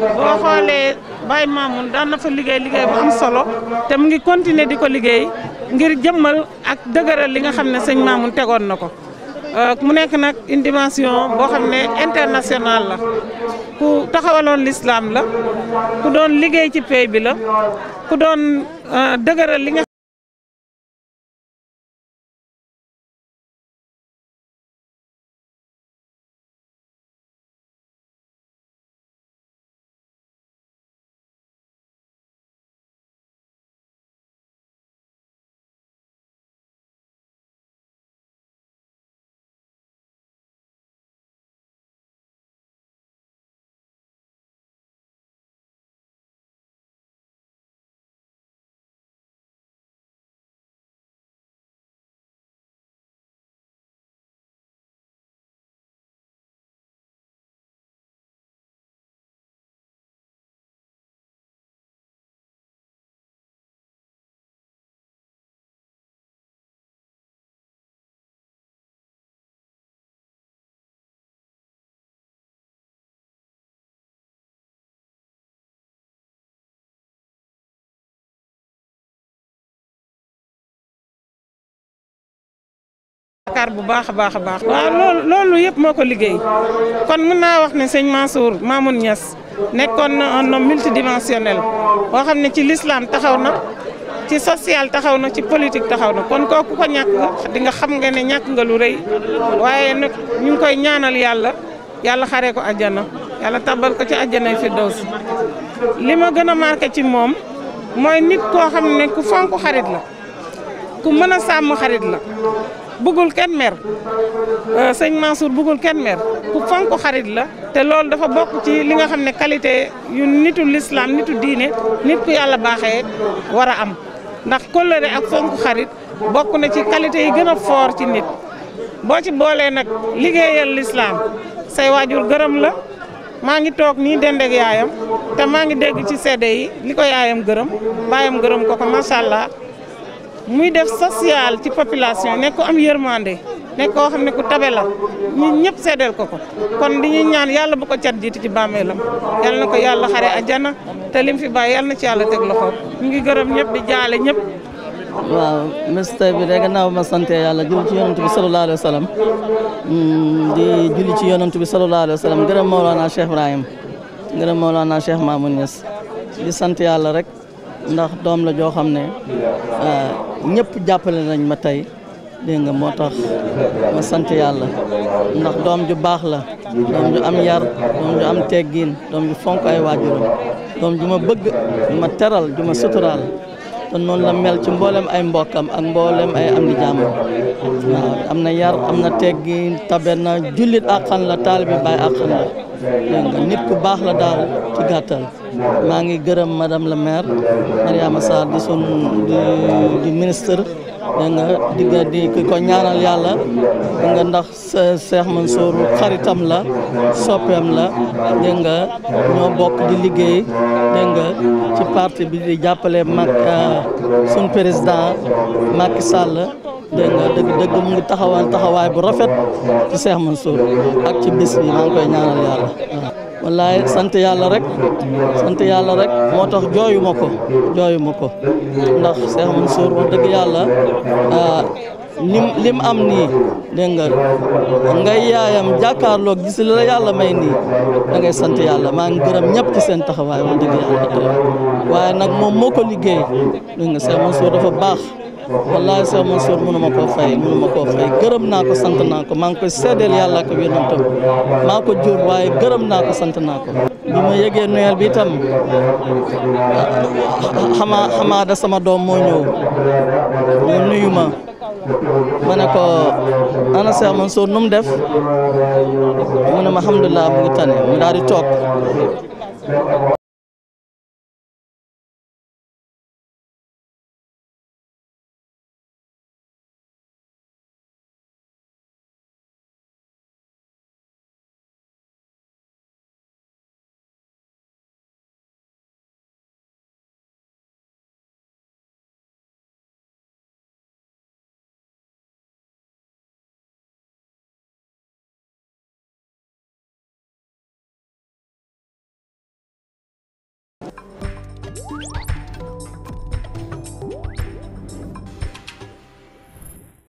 boo xoolee Baye Mamoun daan na fa liggéey liggéey bu am solo te mu ngi continuer di ko liggéey ngir jëmmal ak dëgëral li nga xam ne sëñ Mamoun tegoon na ko. Euh, mu nekk nag une boo xam ne internationale la ku taxawaloon l'islam la ku doon liggéey ci pays bi la ku doon euh, dëgëral li nga yaakaar bu baax a baax a baax waaw loolu loolu yëpp moo ko liggéey kon mën naa wax ne sëñ maa Mamoun Niass nekkoon na un homme multidimensionnel boo xam ne ci l'islam taxaw na ci social taxaw na ci politique taxaw na kon kooku ko ñàkk di nga xam nga ne ñàkk nga lu rëy waaye nag ñu ngi koy ñaanal yàlla yàlla xaree ko àjjana yàlla tabal ko ci ajana àjjanay firdawsi li ma gën a marqué ci moom mooy nit koo xam ne ku fonk xarit la ku mën a sàmm xarit la bëggul kenn mer euh, sëñ Mansour bëggul kenn mer ku fonk xarit la te loolu dafa bokk ci li nga xam ne qualité yu nitu l'islam nitu diine nit ku yàlla baaxee war a am ndax kóllëre ak fonk xarit bokk na ci qualité yi gën a fort ci nit boo ci boolee nag liggéeyal l'islam say waajur gërëm la maa ngi toog ni dendeeg yaayam te maa ngi dégg ci seede yi li ko yaayam gërëm baayam gërëm ko ko macha muy def social ci population nekk ko am yërmande nekk koo xam ne ku tabe la ñun ñëpp ko ko kon li ñuy ñaan yàlla bu ko cat jiitu ci bàmmeelam yàlla na ko yàlla xare ajana te lim fi bàyyi yàlla na ci yàlla teg loxo ñu ngi gërëm ñëpp di jaale ñëpp. waaw mës tey bi de gannaaw ma sante yàlla julli ci yonent bi sallallahu alayhi wa sallam mm, di julli ci yonent bi sallallahu alayhi wa sallam gërëm Mawlana Cheikh Ibrahim gërëm Mawlana Cheikh Mamoun Niass di sant yàlla rek. ndax doom la joo xam ne euh, ñépp jàppale nañ ma tey dégg nga moo tax ma sant yàlla ndax doom ju baax la doom ju am yar doom ju am teggiin doom ju fonk ay waajuram doom ju ma bëgg ma teral ju ma suturaal te noonu la mel ci mboolem ay mbokkam ak mboolem ay am di jàmm waaw am na yar am na teggiin tabe na jullit àqan la taalibi baay àqan la nit ku baax la daal ci gàttal maa ngi gërëm madame la maire Mariama Sarr di sun di ministre dégg digga di ko ñaanal yàlla nga ndax Cheikh Mansour xaritam la soppeem la dégg nga ñoo bokk di liggéey dégg nga ci parti bi di jàppale mag euh, sun président Macky Sall dégg dëgg dëgg mu ngi taxawaan taxawaay bu rafet ci Cheikh Mansour ak ci bis bi maa ngi koy ñaanal yàlla wallaay sant yàlla rek sant yàlla rek moo tax jooyu ma ko jooyu ndax Cheikh Mansour wax dëgg yàlla ah, lim lim am nii dégg ngay yaayam jàkkaarloog gis li la yàlla may nii dangay sant yàlla maa ngi gërëm ñëpp ci seen taxawaay wax dëgg yàlla waaye nag moom moo ko liggéey dégg nga Cheikh dafa baax wallaahi sax Mansour mënu ma koo fay mënu ma koo fay gërëm naa ko sant naa ko maa ngi koy seedeel yàlla ak yonentam maa ko jur waaye gërëm naa ko sant naa ko bi ma yëgee noël bi itam xamaa doom moo ñëw mu nuyu ma ko ana Cheikh Mansour nu mu def mu ma alhamdulilah mu ngi tane mu daal di